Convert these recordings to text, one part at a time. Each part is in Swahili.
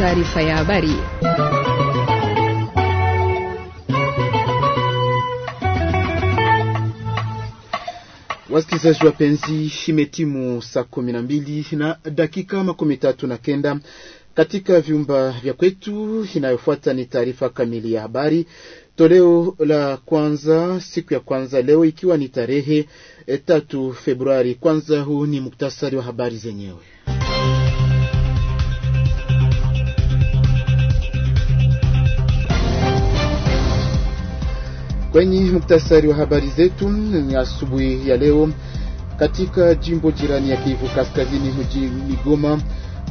taarifa ya habari. Wasikilizaji wapenzi, imetimu saa kumi na mbili na dakika makumi tatu na kenda katika vyumba vya kwetu. Inayofuata ni taarifa kamili ya habari toleo la kwanza siku ya kwanza leo, ikiwa ni tarehe eh, tatu Februari. Kwanza huu ni muktasari wa habari zenyewe. Kwenye muktasari wa habari zetu ni asubuhi ya leo, katika jimbo jirani ya Kivu Kaskazini, mjini Goma,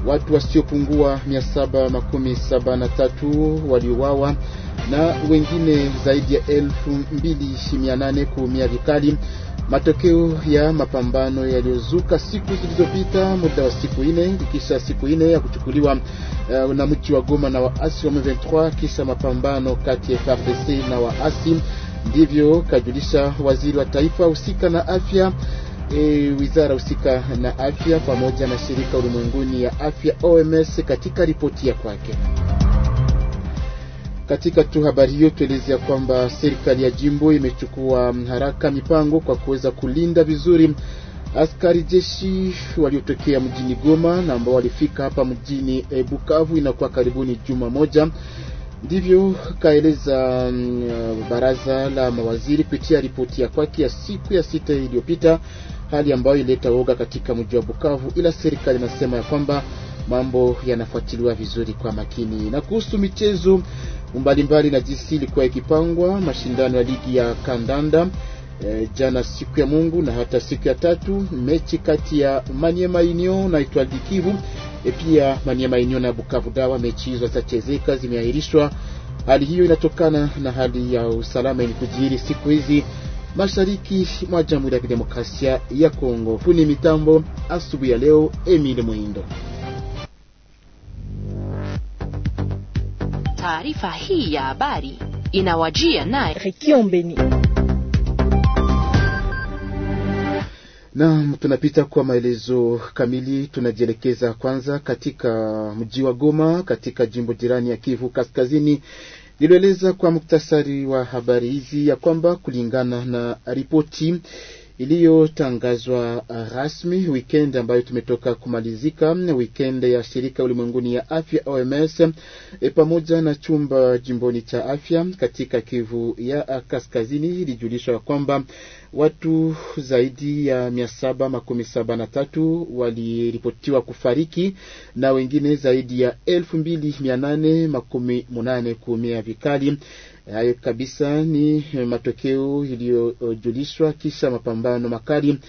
watu wasiopungua 773 waliuawa na wengine zaidi ya 2800 kuumia vikali, matokeo ya mapambano yaliyozuka siku zilizopita muda wa siku ine kisha siku ine ya kuchukuliwa uh, na mji wa Goma na waasi wa M23 kisha mapambano kati ya FARDC na waasi Ndivyo kajulisha waziri wa taifa husika na afya E, wizara husika na afya pamoja na shirika ulimwenguni ya afya OMS katika ripoti ya kwake. Katika tu habari hiyo tuelezea kwamba serikali ya jimbo imechukua haraka mipango kwa kuweza kulinda vizuri askari jeshi waliotokea mjini Goma na ambao walifika hapa mjini eh, Bukavu inakuwa karibuni juma moja Ndivyo kaeleza um, baraza la mawaziri kupitia ripoti ya kwake ya siku ya sita iliyopita, hali ambayo ilileta woga katika mji wa Bukavu, ila serikali inasema ya kwamba mambo yanafuatiliwa vizuri kwa makini. Na kuhusu michezo mbalimbali na jinsi ilikuwa ikipangwa, mashindano ya ligi ya kandanda e, jana siku ya Mungu na hata siku ya tatu, mechi kati ya Maniema Union na Itwadi Kivu E, pia Maniema Union na Bukavu Dawa mechi hizo zitachezeka zimeahirishwa. Hali hiyo inatokana na hali ya usalama kujiri siku hizi mashariki mwa Jamhuri ya Kidemokrasia ya Kongo. Funi mitambo asubuhi ya leo, Emile Mwindo. Taarifa hii ya habari inawajia naye Naam, tunapita kwa maelezo kamili. Tunajielekeza kwanza katika mji wa Goma katika jimbo jirani ya Kivu Kaskazini. Nilieleza kwa muktasari wa habari hizi ya kwamba kulingana na ripoti iliyotangazwa uh, rasmi weekend ambayo tumetoka kumalizika, weekend ya shirika ulimwenguni ya afya OMS, e, pamoja na chumba jimboni cha afya katika Kivu ya uh, Kaskazini ilijulishwa kwamba watu zaidi ya mia saba makumi saba na tatu waliripotiwa kufariki na wengine zaidi ya elfu mbili mia nane makumi munane kuumia vikali Hayo kabisa ni eh, matokeo iliyojulishwa kisha mapambano makali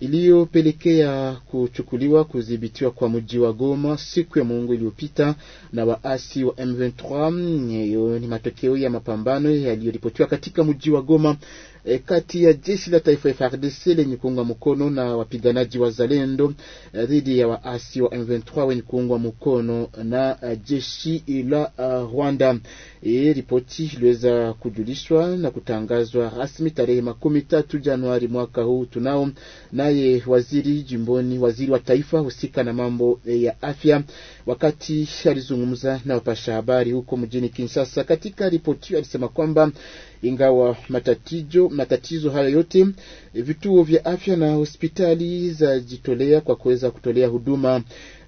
iliyopelekea kuchukuliwa kudhibitiwa kwa mji wa Goma siku ya Mungu iliyopita na waasi wa M23. Hiyo ni matokeo ya mapambano yaliyoripotiwa katika mji wa Goma e, kati ya jeshi la taifa FARDC lenye kuungwa mkono na wapiganaji wa zalendo e, dhidi ya waasi wa M23 wenye kuungwa mkono na e, jeshi la uh, Rwanda. E, ripoti iliweza kujulishwa na kutangazwa rasmi tarehe makumi tatu Januari mwaka huu. Tunao naye waziri jimboni, waziri wa taifa husika na mambo e, ya afya, wakati alizungumza na wapasha habari huko mjini Kinshasa. Katika ripoti hiyo alisema kwamba ingawa matatizo, matatizo haya yote, eh, vituo vya afya na hospitali zajitolea kwa kuweza kutolea huduma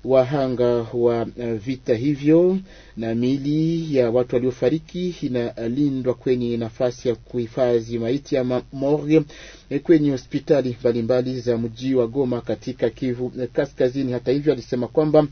wahanga wa eh, vita hivyo, na miili ya watu waliofariki inalindwa kwenye nafasi ya kuhifadhi maiti ya morgue eh, kwenye hospitali mbalimbali za mji wa Goma katika Kivu Kaskazini. Hata hivyo, alisema kwamba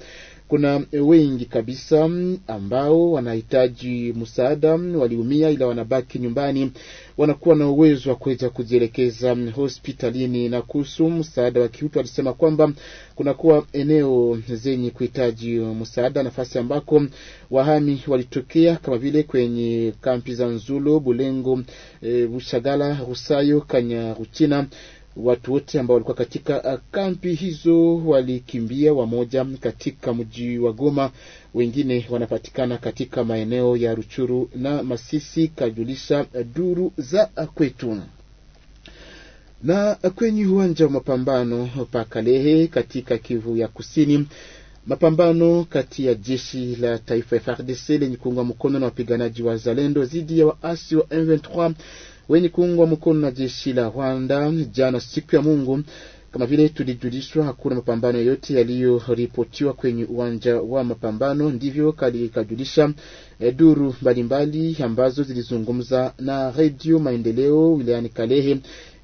kuna e, wengi kabisa mm, ambao wanahitaji msaada, mm, waliumia ila wanabaki nyumbani, wanakuwa na uwezo wa kuweza kujielekeza mm, hospitalini. Na kuhusu msaada wa kiutu, alisema kwamba kunakuwa eneo zenye kuhitaji e, msaada, nafasi ambako wahami walitokea kama vile kwenye kampi za Nzulo, Bulengo, e, Bushagala, Rusayo, Kanyaruchina Watu wote ambao walikuwa katika uh, kampi hizo walikimbia, wamoja katika mji wa Goma, wengine wanapatikana katika maeneo ya Ruchuru na Masisi, kajulisha duru za kwetu na kwenye uwanja wa mapambano pa Kalehe katika Kivu ya Kusini, mapambano kati ya jeshi la taifa FARDC lenye kuungwa mkono na wapiganaji wa Zalendo dhidi ya waasi wa M23 wenye kuungwa mkono na jeshi la Rwanda jana siku ya Mungu. Kama vile tulijulishwa, hakuna mapambano yoyote yaliyoripotiwa kwenye uwanja wa mapambano. Ndivyo kalikajulisha duru mbalimbali ambazo zilizungumza na redio Maendeleo wilayani Kalehe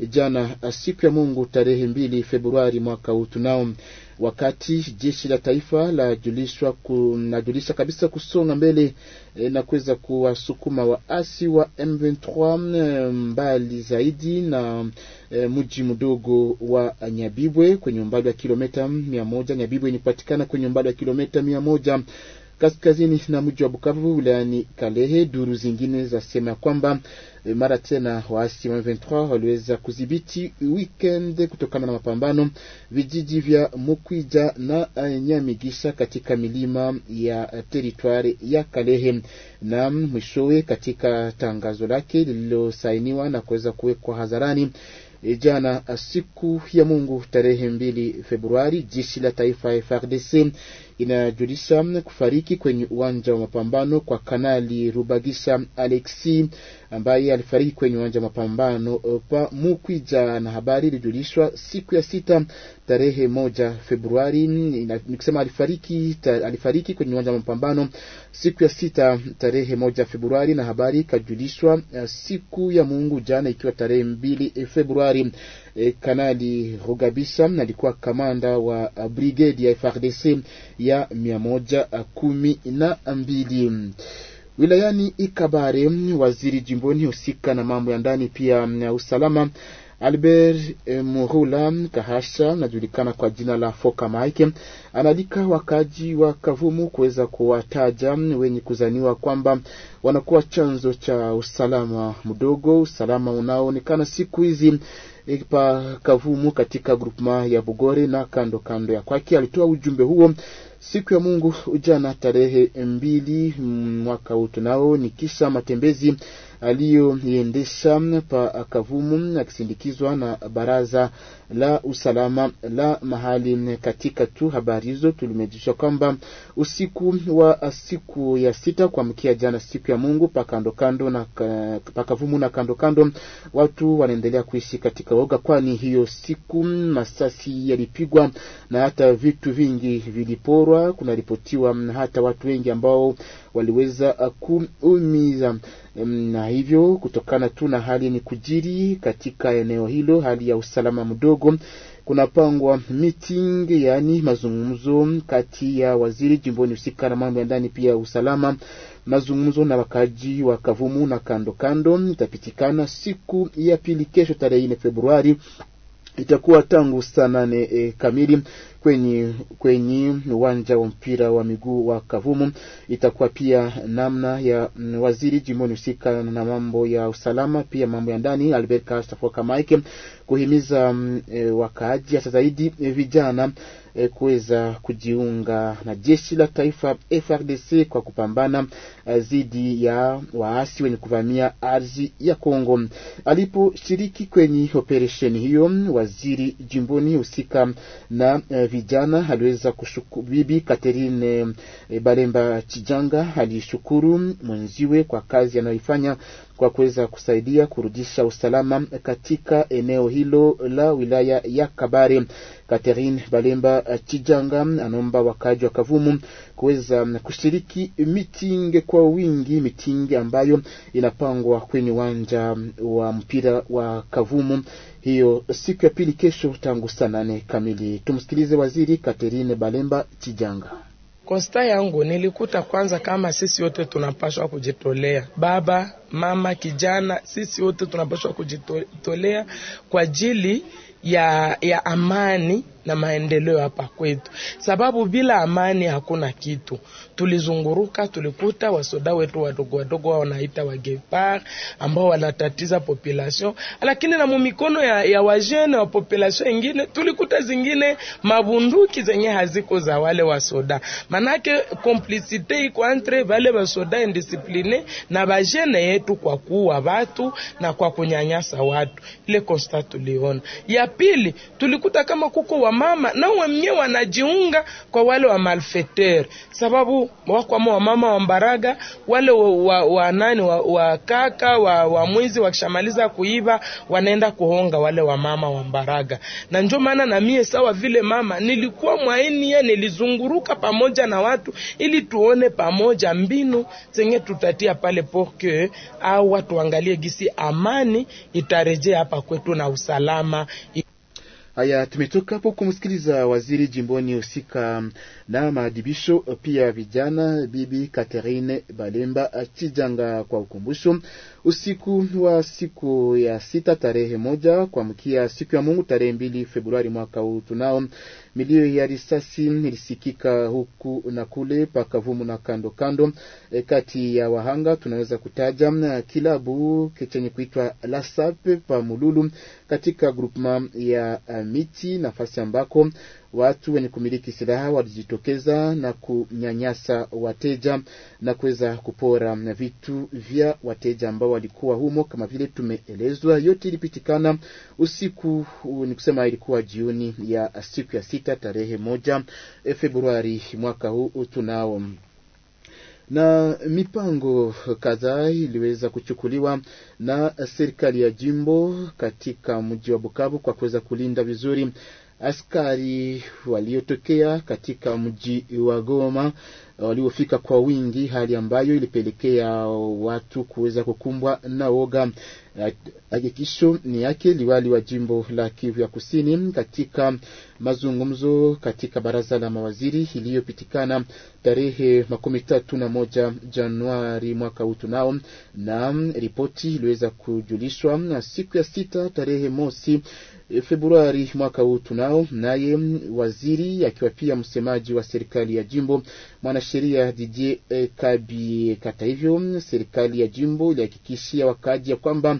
jana siku ya Mungu tarehe mbili Februari mwaka huu tunao wakati jeshi la taifa lajulishwa kunajulisha kabisa kusonga mbele e, na kuweza kuwasukuma waasi wa M23 eh, mbali zaidi na e, mji mdogo wa Nyabibwe kwenye umbali wa kilomita mia moja. Nyabibwe inapatikana kwenye umbali wa kilomita mia moja kaskazini na mji wa Bukavu wilayani Kalehe. Duru zingine zasema kwamba eh, mara tena waasi wa M23 waliweza kudhibiti weekend kutokana na mapambano vijiji vya Mukwija na eh, Nyamigisha katika milima ya eh, teritwari ya Kalehe. Na mwishowe, katika tangazo lake lililosainiwa na kuweza kuwekwa hadharani jana siku ya Mungu tarehe mbili Februari, jeshi la taifa FARDC inajulisha kufariki kwenye uwanja wa mapambano kwa Kanali Rubagisa Alexi ambaye alifariki kwenye uwanja wa mapambano pa eh, Mukwija, na habari ilijulishwa siku ya sita tarehe moja Februari, nikisema alifariki ta, alifariki kwenye uwanja wa mapambano siku ya sita tarehe moja Februari, na habari ikajulishwa eh, siku ya Mungu jana, ikiwa tarehe mbili Februari. E, Kanali Rugabisa alikuwa kamanda wa uh, brigade ya frdc ya mia moja uh, kumi na mbili wilayani Ikabare. Waziri jimboni husika na mambo ya ndani pia um, usalama Albert eh, Murula Kahasha anajulikana kwa jina la Foka Mike anaalika wakaji wa Kavumu kuweza kuwataja um, wenye kuzaniwa kwamba wanakuwa chanzo cha usalama mdogo, usalama unaoonekana siku hizi pa Kavumu katika grupema ya Bugore na kando kando ya kwake. Alitoa ujumbe huo siku ya Mungu jana tarehe mbili mwaka utunao ni kisha matembezi aliyoiendesha pa Kavumu akisindikizwa na baraza la usalama la mahali. Katika tu habari hizo tulimejisha kwamba usiku wa siku ya sita kuamkia jana siku ya Mungu pakando kando na pakavumu na kando kando, watu wanaendelea kuishi katika woga, kwani hiyo siku masasi yalipigwa na hata vitu vingi viliporwa. Kunaripotiwa hata watu wengi ambao waliweza uh, kuumiza na hivyo kutokana tu na hali ni kujiri katika eneo hilo, hali ya usalama mdogo kidogo kunapangwa meeting, yaani mazungumzo kati ya waziri jimboni husika na mambo ya ndani, pia usalama. Mazungumzo na wakaji wa Kavumu na kando kando itapitikana siku ya pili, kesho tarehe 4 Februari itakuwa tangu saa nane e, kamili kwenye, kwenye uwanja wa mpira wa miguu wa Kavumu. Itakuwa pia namna ya mm, waziri jimboni husika na mambo ya usalama pia mambo ya ndani Albert Kastafua Kamaike kuhimiza mm, e, wakaaji hasa zaidi e, vijana e, kuweza kujiunga na jeshi la taifa FRDC kwa kupambana dhidi e, ya waasi wenye kuvamia ardhi ya Kongo. Aliposhiriki kwenye operesheni hiyo, waziri jimboni husika na e, vijana aliweza kushukuru. Bibi Katerine eh, Balemba Chijanga alishukuru mwenziwe kwa kazi anayoifanya kwa kuweza kusaidia kurudisha usalama katika eneo hilo la wilaya ya Kabare. Catherine Balemba eh, Chijanga anaomba wakaji wa Kavumu kuweza mm, kushiriki mitingi kwa wingi, mitingi ambayo inapangwa kwenye uwanja mm, wa mpira wa Kavumu hiyo siku ya pili kesho tangu saa nane kamili. Tumsikilize Waziri Catherine Balemba Chijanga. Konsta yangu nilikuta kwanza kama sisi wote tunapashwa kujitolea, baba mama, kijana, sisi wote tunapashwa kujitolea kwa ajili ya, ya amani na maendeleo hapa kwetu, sababu bila amani hakuna kitu. Tulizunguruka, tulikuta wasoda wetu wadogo wadogo wao wanaita wagepar ambao wanatatiza population, lakini na mumikono ya, ya wajene wa population ingine tulikuta zingine mabunduki zenye haziko za wale wasoda. Manake komplisite iko entre wale wasoda indiscipline na wajene yetu kwa kuua watu na kwa kunyanyasa watu. Ile constat tuliona. Ya pili tulikuta kama kuko wa wamama na wemnye wanajiunga kwa wale wa malfeter sababu wako ama wamama wa mbaraga wale wa, wa, wa nani wa, wa kaka wa, wa mwizi wakishamaliza kuiba wanaenda kuhonga wale wa mama wa mbaraga. Na ndio maana na mie sawa vile mama nilikuwa mwainie, nilizunguruka pamoja na watu ili tuone pamoja mbinu zenye tutatia pale porke au watu angalie gisi amani itarejea hapa kwetu na usalama. Haya, tumetoka hapo kumsikiliza waziri jimboni husika na maadibisho pia vijana, Bibi Catherine Balemba Chijanga, kwa ukumbusho usiku wa siku ya sita tarehe moja kuamkia siku ya Mungu tarehe mbili Februari mwaka huu tunao milio ya risasi ilisikika huku na kule pakavumu na kando kando. E, kati ya wahanga tunaweza kutaja kilabu chenye kuitwa Lasape pa Mululu katika grupma ya eh, miti, nafasi ambako watu wenye kumiliki silaha walijitokeza na kunyanyasa wateja na kuweza kupora vitu vya wateja ambao walikuwa humo. Kama vile tumeelezwa, yote ilipitikana usiku, ni kusema ilikuwa jioni ya siku ya sita tarehe moja Februari mwaka huu tunao na mipango kadhaa iliweza kuchukuliwa na serikali ya jimbo katika mji wa Bukavu kwa kuweza kulinda vizuri askari waliotokea katika mji wa Goma waliofika kwa wingi, hali ambayo ilipelekea watu kuweza kukumbwa na woga hakikisho ni yake liwali wa jimbo la Kivu ya Kusini katika mazungumzo katika baraza la mawaziri iliyopitikana tarehe makumi tatu na moja Januari mwaka huu tunao, na ripoti iliweza kujulishwa na siku ya sita tarehe mosi Februari mwaka huu tunao, naye waziri akiwa pia msemaji wa serikali ya jimbo mwanasheria Didier Kabi. Hata hivyo serikali ya jimbo ilihakikishia wakaji ya kwamba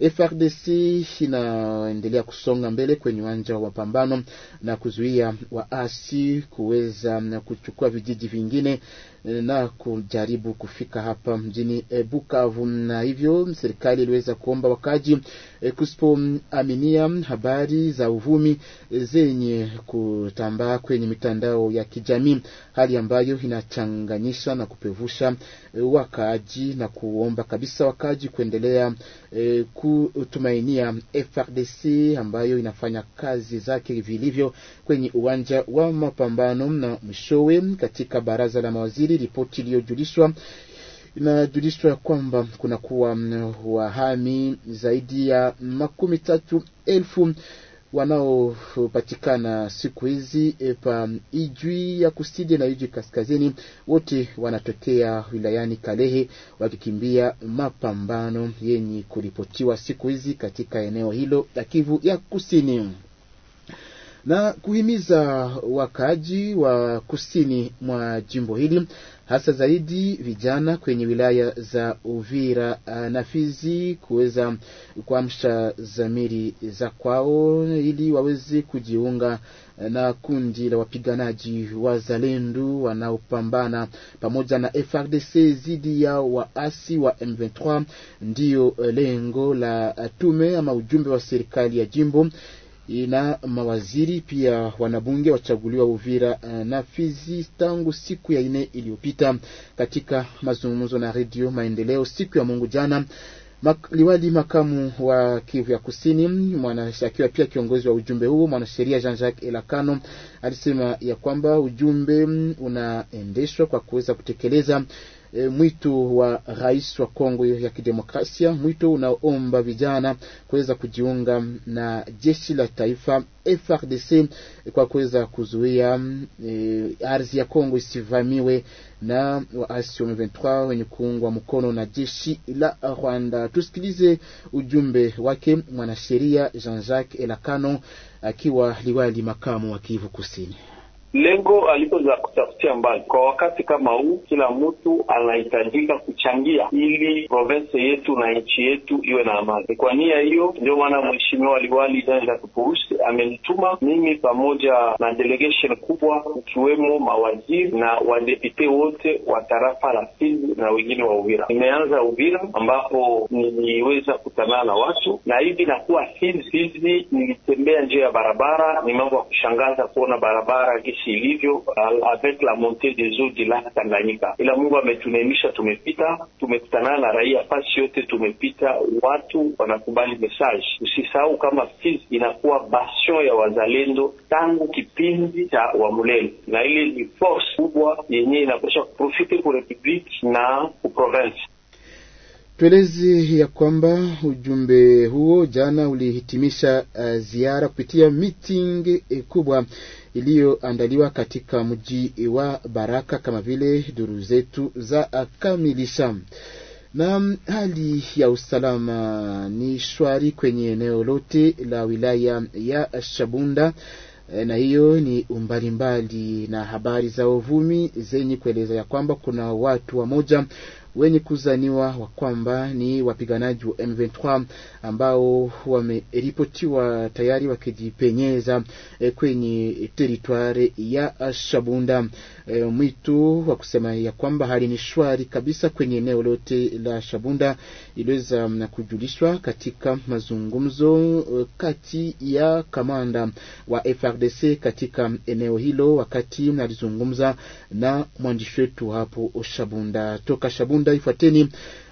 FRDC inaendelea kusonga mbele kwenye uwanja wa mapambano na kuzuia waasi kuweza kuchukua vijiji vingine na kujaribu kufika hapa mjini eh, Bukavu, na hivyo serikali iliweza kuomba wakaji eh, kusipoaminia habari za uvumi eh, zenye kutambaa kwenye mitandao ya kijamii, hali ambayo inachanganyisha na kupevusha wakaji na kuomba kabisa wakaji kuendelea eh, kutumainia FRDC ambayo inafanya kazi zake vilivyo kwenye uwanja wa mapambano. Na mwishowe, katika baraza la mawaziri, ripoti iliyojulishwa inajulishwa kwamba kuna kuwa mm, wahami zaidi ya makumi tatu elfu wanaopatikana siku hizi e, pa Ijwi ya kusini na Ijwi kaskazini, wote wanatokea wilayani Kalehe wakikimbia mapambano yenye kuripotiwa siku hizi katika eneo hilo la Kivu ya kusini na kuhimiza wakaaji wa kusini mwa jimbo hili hasa zaidi vijana kwenye wilaya za Uvira eh, na Fizi kuweza kuamsha zamiri za kwao ili waweze kujiunga eh, na kundi la wapiganaji wa zalendu wanaopambana pamoja na FRDC dhidi ya waasi wa M23. Ndiyo eh, lengo la tume ama ujumbe wa serikali ya jimbo ila mawaziri pia wanabunge wachaguliwa Uvira eh, na Fizi tangu siku ya ine iliyopita. Katika mazungumzo na redio Maendeleo siku ya Mungu jana liwali makamu wa Kivu ya Kusini akiwa pia kiongozi wa ujumbe huo mwanasheria Jean-Jacques Elakano alisema ya kwamba ujumbe mm, unaendeshwa kwa kuweza kutekeleza e, mwito wa rais wa Kongo ya Kidemokrasia, mwito unaomba vijana kuweza kujiunga na jeshi la taifa frdc kwa kuweza kuzuia e, ardhi ya Kongo isivamiwe na waasi wa M23 wenye kuungwa mkono na jeshi la Rwanda. Tusikilize ujumbe wake mwanasheria Jean-Jacques Elakano akiwa liwali makamu wa Kivu Kusini lengo aliko za kutafutia mbali. Kwa wakati kama huu, kila mtu anahitajika kuchangia ili province yetu na nchi yetu iwe na amani. Kwa nia hiyo, ndio maana mheshimiwa liwali Daniel Tupurusi amenituma mimi pamoja na delegation kubwa, ikiwemo mawaziri na wadepute wote wa tarafa la Fizi na wengine wa Uvira. Nimeanza Uvira ambapo niliweza kutanana na watu na hivi nakuwa Fizi. Fizi nilitembea njia ya barabara, ni mambo ya kushangaza kuona barabara gisi jinsi ilivyo avec la montée des eaux de la Tanganyika, ila Mungu ametunemisha, tumepita, tumekutanana na raia fasi yote, tumepita, watu wanakubali message. Usisahau kama Fizi inakuwa bastion ya wazalendo tangu kipindi cha Wamulele, na ile ni force kubwa yenye inakosha kuprofite ku republique na ku province. Tuelezi ya kwamba ujumbe huo jana ulihitimisha uh, ziara kupitia meeting eh, kubwa iliyoandaliwa katika mji wa Baraka kama vile duru zetu za kamilisha. Na hali ya usalama ni shwari kwenye eneo lote la wilaya ya Shabunda eh, na hiyo ni umbali mbali na habari za uvumi zenye kueleza ya kwamba kuna watu wamoja wenye kuzaniwa wa kwamba ni wapiganaji wa M23 ambao wameripotiwa tayari wakijipenyeza e, kwenye teritware ya Shabunda. E, eh, mwito wa kusema ya kwamba hali ni shwari kabisa kwenye eneo lote la Shabunda iliweza mm, na kujulishwa katika mazungumzo eh, kati ya kamanda wa FRDC katika eneo hilo, wakati alizungumza na mwandishi wetu hapo Shabunda toka Shabunda. Mkunda. Ifuateni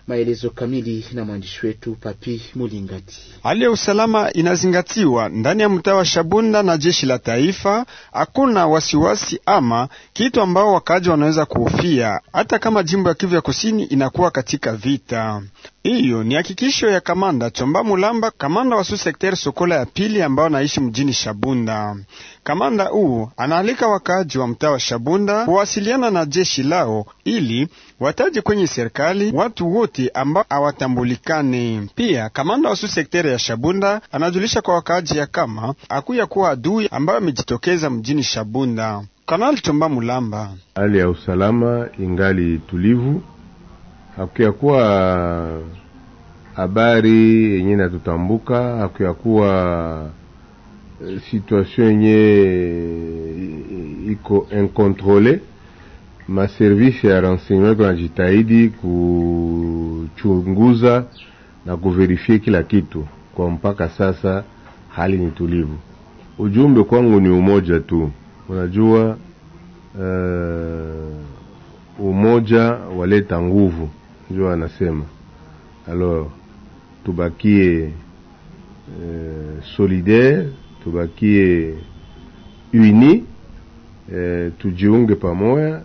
maelezo kamili na mwandishi wetu Papi Mulingati. Hali ya usalama inazingatiwa ndani ya mtaa wa Shabunda na jeshi la taifa. Hakuna wasiwasi ama kitu ambao wakaaji wanaweza kuhofia, hata kama jimbo ya Kivu ya Kusini inakuwa katika vita. Hiyo ni hakikisho ya kamanda Chomba Mulamba, kamanda wa sekteri Sokola ya pili, ambao anaishi mjini Shabunda. Kamanda huu anaalika wakaaji wa mtaa wa Shabunda kuwasiliana na jeshi lao ili wataje kwenye serikali watu wote ambao hawatambulikane. Pia kamanda wa sekteri ya Shabunda anajulisha kwa wakaaji ya kama akuya kuwa adui ambayo amejitokeza mjini Shabunda. Kanali Chomba Mulamba, hali ya usalama ingali tulivu hakuyakuwa uh, habari yenye inatutambuka, hakuyakuwa uh, situation yenye uh, iko incontrole. Maservisi ya renseignement yanajitahidi kuchunguza na kuverifie kila kitu. Kwa mpaka sasa hali ni tulivu. Ujumbe kwangu ni umoja tu, unajua uh, umoja waleta nguvu njua anasema alors tubakie eh, solidaire tubakie uni eh, tujiunge pamoja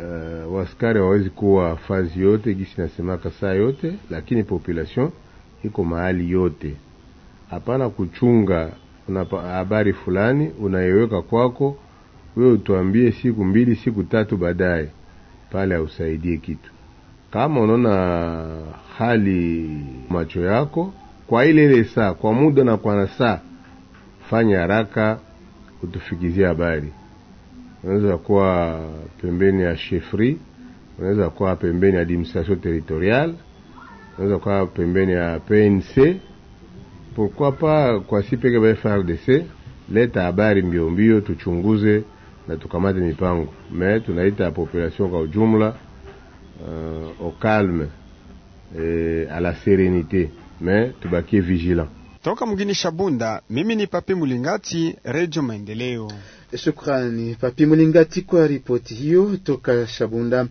eh, waskari hawawezi kuwa fazi yote gisi nasemaka saa yote lakini population iko mahali yote hapana kuchunga una habari fulani unaiweka kwako wewe utuambie siku mbili siku tatu baadaye pale ausaidie kitu kama unaona hali macho yako kwa ile ile saa, kwa muda na kwa saa, fanya haraka utufikizie habari. Unaweza kuwa pembeni ya shefri, unaweza kuwa pembeni ya administration territorial, unaweza kuwa pembeni ya PNC, pourquoi pas kwa sipeke ba FRDC. Leta habari mbio mbio, tuchunguze na tukamate mipango me tunaita population kwa ujumla euh, au calme et à la sérénité, mais tubakie vigilant. Toka mgini Shabunda, mimi ni Papi Mulingati, Redio Maendeleo. Shukrani Papi Mulingati kwa ripoti hiyo toka Shabunda.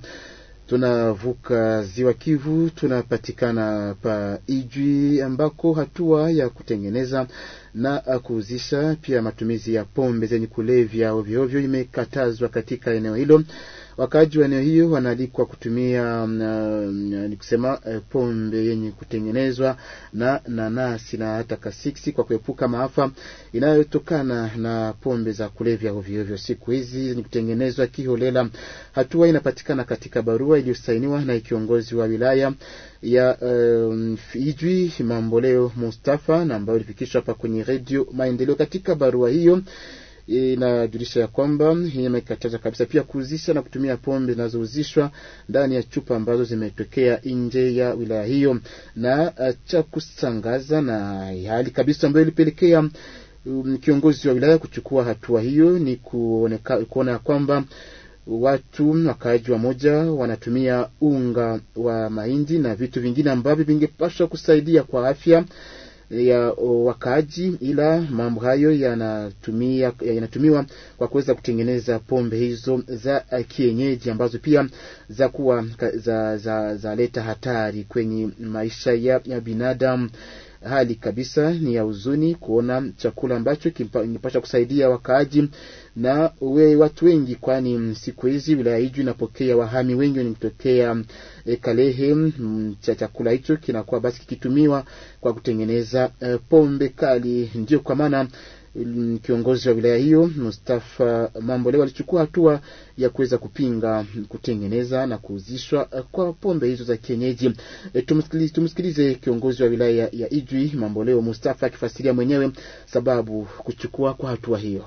Tunavuka ziwa Kivu, tunapatikana pa Ijwi ambako hatua ya kutengeneza na kuuzisha pia matumizi ya pombe zenye kulevya ovyo imekatazwa katika eneo hilo. Wakaaji wa eneo hiyo wanaalikwa kutumia mm, uh, mm, ni kusema eh, pombe yenye kutengenezwa na nanasi na hata kasiksi kwa kuepuka maafa inayotokana na pombe za kulevya ovyo ovyo siku hizi ni kutengenezwa kiholela. Hatua inapatikana katika barua iliyosainiwa na kiongozi wa wilaya ya um, Ijwi Mamboleo Mustafa na ambayo ilifikishwa hapa kwenye redio Maendeleo. Katika barua hiyo inajulisha ya kwamba imekataza kabisa pia kuuzisha na kutumia pombe zinazouzishwa ndani ya chupa ambazo zimetokea nje ya wilaya hiyo, na ah, cha kusangaza na hali kabisa ambayo ilipelekea um, kiongozi wa wilaya kuchukua hatua hiyo ni kuoneka, kuona ya kwamba watu wakaaji wamoja wanatumia unga wa mahindi na vitu vingine ambavyo vingepaswa kusaidia kwa afya ya wakaaji, ila mambo hayo yanatumia yanatumiwa kwa kuweza kutengeneza pombe hizo za kienyeji ambazo pia za kuwa za, za, za leta hatari kwenye maisha ya, ya binadamu. Hali kabisa ni ya huzuni kuona chakula ambacho kinapasha kusaidia wakaaji na we watu wengi, kwani siku hizi wilaya hiji inapokea wahami wengi wanitokea e, eh, Kalehe. Mm, cha chakula hicho kinakuwa basi kikitumiwa kwa kutengeneza e, pombe kali, ndiyo kwa maana kiongozi wa wilaya hiyo Mustafa Mamboleo alichukua hatua ya kuweza kupinga kutengeneza na kuuzishwa eh, kwa pombe hizo za kienyeji. E, tumsikilize kiongozi wa wilaya ya Ijwi Mamboleo Mustafa akifasiria mwenyewe sababu kuchukua kwa hatua hiyo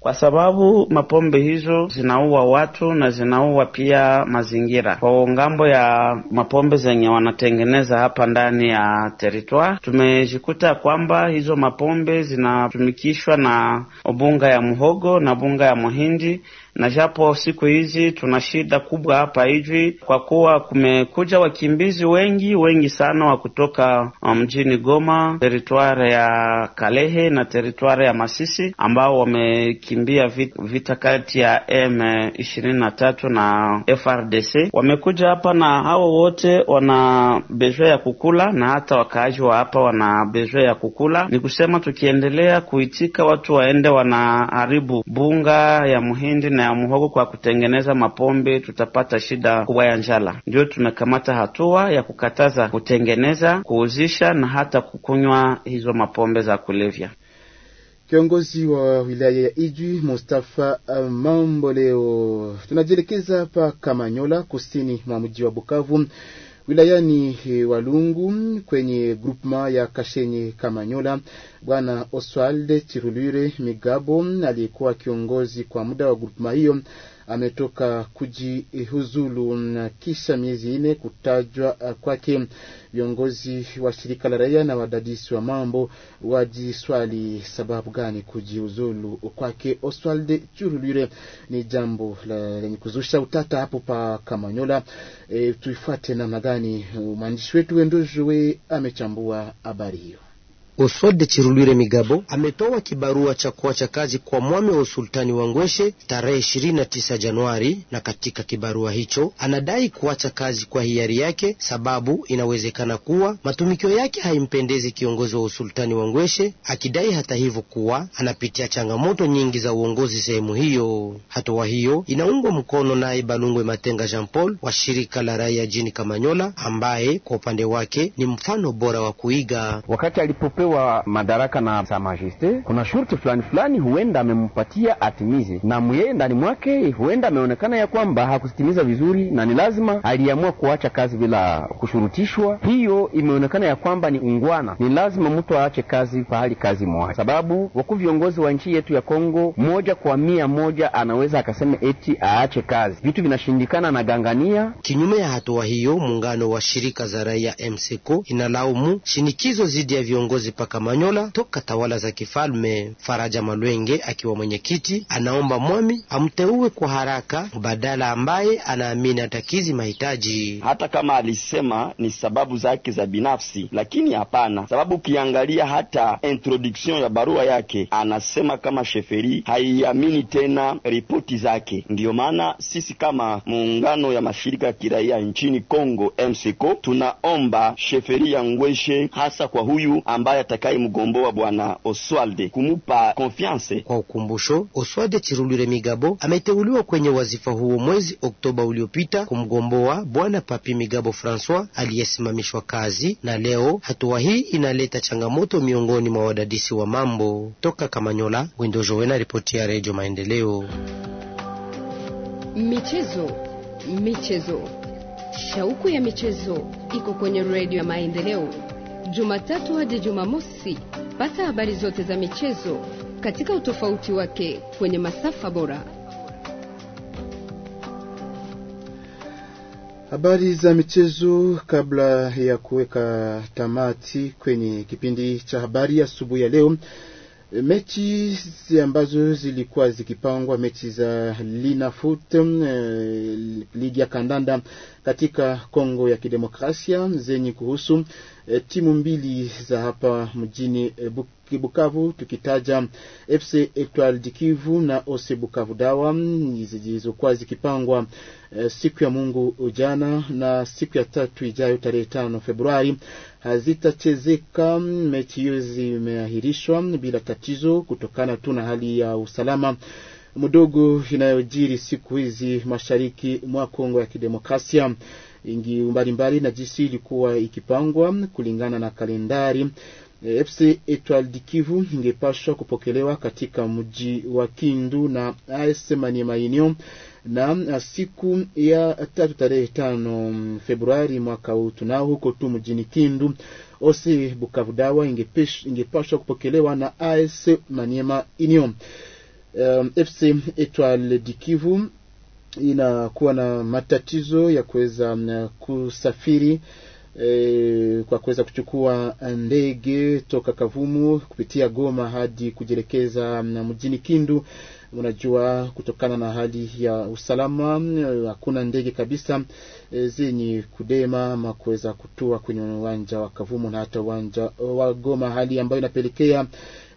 kwa sababu mapombe hizo zinaua watu na zinaua pia mazingira. Kwa ngambo ya mapombe zenye wanatengeneza hapa ndani ya teritwari, tumejikuta kwamba hizo mapombe zinatumikishwa na bunga ya muhogo na bunga ya muhindi na japo siku hizi tuna shida kubwa hapa hivi, kwa kuwa kumekuja wakimbizi wengi wengi sana wa kutoka um, mjini Goma, teritware ya Kalehe na teritware ya Masisi, ambao wamekimbia vita, vita kati ya M23 na FRDC. Wamekuja hapa na hao wote wana bezwe ya kukula, na hata wakaaji wa hapa wana bezwe ya kukula. Ni kusema tukiendelea kuitika watu waende wanaharibu bunga ya muhindi aina ya muhogo kwa kutengeneza mapombe, tutapata shida kubwa ya njala. Ndio tumekamata hatua ya kukataza kutengeneza, kuuzisha na hata kukunywa hizo mapombe za kulevya. Kiongozi wa wilaya ya Ijwi Mustafa Mamboleo. Tunajielekeza pa Kamanyola, kusini mwa mji wa Bukavu wilayani eh, Walungu kwenye grupema ya Kashenye Kamanyola. Bwana Oswald Chirulire Migabo aliyekuwa kiongozi kwa muda wa grupema hiyo ametoka kujihuzulu na kisha miezi ine kutajwa eh, kwake. Viongozi wa shirika la raia na wadadisi wa mambo wajiswali sababu gani kujihuzulu kwake Oswald Churulire. Ni jambo lenye kuzusha utata hapo pa Kamanyola. E, tuifuate namna gani? Mwandishi wetu Wendojowe amechambua habari hiyo. Oswald Chirulwire Migabo ametoa kibarua cha kuacha kazi kwa mwami wa usultani wa Ngweshe tarehe 29 Januari, na katika kibarua hicho anadai kuacha kazi kwa hiari yake, sababu inawezekana kuwa matumikio yake haimpendezi kiongozi wa usultani wa Ngweshe, akidai hata hivyo kuwa anapitia changamoto nyingi za uongozi sehemu hiyo. Hatua hiyo inaungwa mkono naye Balungwe Matenga Jean Paul wa shirika la raia jini Kamanyola, ambaye kwa upande wake ni mfano bora wa kuiga wakati alipopewa amepewa madaraka na Sa Majeste, kuna shurti fulani fulani huenda amempatia atimize, na myeye ndani mwake huenda ameonekana ya kwamba hakuzitimiza vizuri, na ni lazima aliamua kuacha kazi bila kushurutishwa. Hiyo imeonekana ya kwamba ni ungwana, ni lazima mtu aache kazi pahali kazi mwache, sababu wakuu viongozi wa nchi yetu ya Kongo, moja kwa mia moja anaweza akasema eti aache kazi, vitu vinashindikana na gangania. Kinyume ya hatua hiyo, muungano wa shirika za raia MSECO inalaumu shinikizo dhidi ya viongozi Prosper Kamanyola toka tawala za kifalme. Faraja Malwenge akiwa mwenyekiti anaomba Mwami amteue kwa haraka mbadala ambaye anaamini atakizi mahitaji. Hata kama alisema ni sababu zake za binafsi, lakini hapana sababu. Ukiangalia hata introduction ya barua yake anasema kama sheferi haiamini tena ripoti zake. Ndiyo maana sisi kama muungano ya mashirika ya kiraia nchini Kongo MCCO tunaomba sheferi ya ngweshe hasa kwa huyu ambaye ambaye atakayemgomboa bwana Oswalde kumupa konfiance Kwa ukumbusho, Oswalde Chirulire Migabo ameteuliwa kwenye wazifa huo mwezi Oktoba uliopita kumgomboa bwana Papi Migabo Francois aliyesimamishwa kazi, na leo hatua hii inaleta changamoto miongoni mwa wadadisi wa mambo. Toka Kamanyola, Windo Jowena, ripoti ya Redio Maendeleo. Michezo, michezo, shauku ya michezo iko kwenye Redio ya Maendeleo Jumatatu hadi Jumamosi. Pata habari zote za michezo katika utofauti wake kwenye masafa bora. Habari za michezo kabla ya kuweka tamati kwenye kipindi cha habari asubuhi ya, ya leo. Mechi ambazo zilikuwa zikipangwa mechi za Lina Foot, eh, ligi ya kandanda katika Kongo ya Kidemokrasia zenye kuhusu e, timu mbili za hapa mjini e, eh, Bukavu tukitaja FC Etoile du Kivu na OSE Bukavu Dawa zilizokuwa zikipangwa e, siku ya Mungu jana na siku ya tatu ijayo tarehe tano Februari hazitachezeka. Mechi hiyo zimeahirishwa bila tatizo kutokana tu na hali ya usalama mdogo inayojiri siku hizi mashariki mwa Kongo ya Kidemokrasia ingi mbalimbali na jinsi ilikuwa ikipangwa kulingana na kalendari. Eh, FC Etoile du Kivu ingepashwa kupokelewa katika mji wa Kindu na AS Maniema Union na siku ya tatu tarehe tano Februari mwaka huu tunao huko tu mjini Kindu. OSE Bukavu Dawa ingepashwa kupokelewa na AS Maniema Union um, FC Etoile du Kivu inakuwa na matatizo ya kuweza um, kusafiri e, kwa kuweza kuchukua ndege toka Kavumu kupitia Goma hadi kujielekeza um, mjini Kindu. Unajua, kutokana na hali ya usalama hakuna ndege kabisa eh, zenye kudema ama kuweza kutua kwenye uwanja wa Kavumu na hata uwanja wa Goma, hali ambayo inapelekea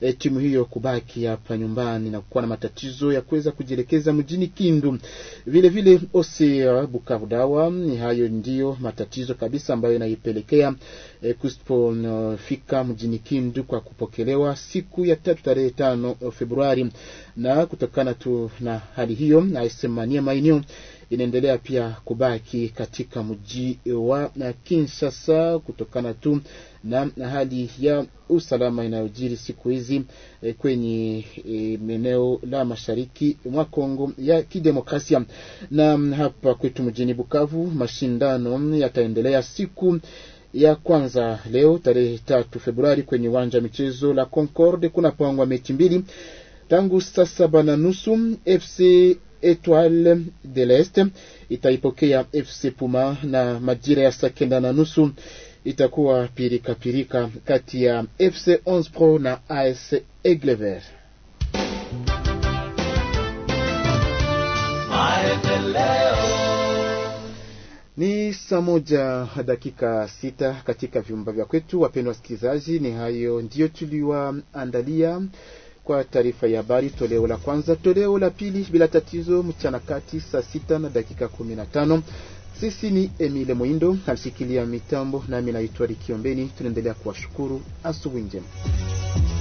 e, timu hiyo kubaki hapa nyumbani na kuwa na matatizo ya kuweza kujielekeza mjini Kindu. Vile vile Osea Bukavu Dawa, hayo ndiyo matatizo kabisa ambayo inaipelekea e, kusipofika mjini Kindu kwa kupokelewa siku ya tatu tarehe tano Februari, na kutokana tu na hali hiyo aisemania maeneo inaendelea pia kubaki katika mji wa Kinshasa kutokana tu na hali ya usalama inayojiri siku hizi e, kwenye eh, eneo la mashariki mwa Kongo ya Kidemokrasia. Na hapa kwetu mjini Bukavu, mashindano yataendelea siku ya kwanza leo tarehe tatu Februari kwenye uwanja wa michezo la Concorde, kuna pangwa mechi mbili tangu saa saba na nusu FC Etoile de l'Est itaipokea FC Puma na majira ya saa kenda na nusu itakuwa pirika pirika kati ya FC 11 Pro na AS Eglever. Ni saa moja dakika sita katika vyumba vya kwetu. Wapendwa wasikilizaji, ni hayo ndiyo tuliwaandalia kwa taarifa ya habari toleo la kwanza, toleo la pili bila tatizo, mchana kati saa sita na dakika kumi na tano. Sisi ni Emile Mwindo alishikilia mitambo, nami naitwa Rikiombeni. Tunaendelea kuwashukuru, asubuhi njema.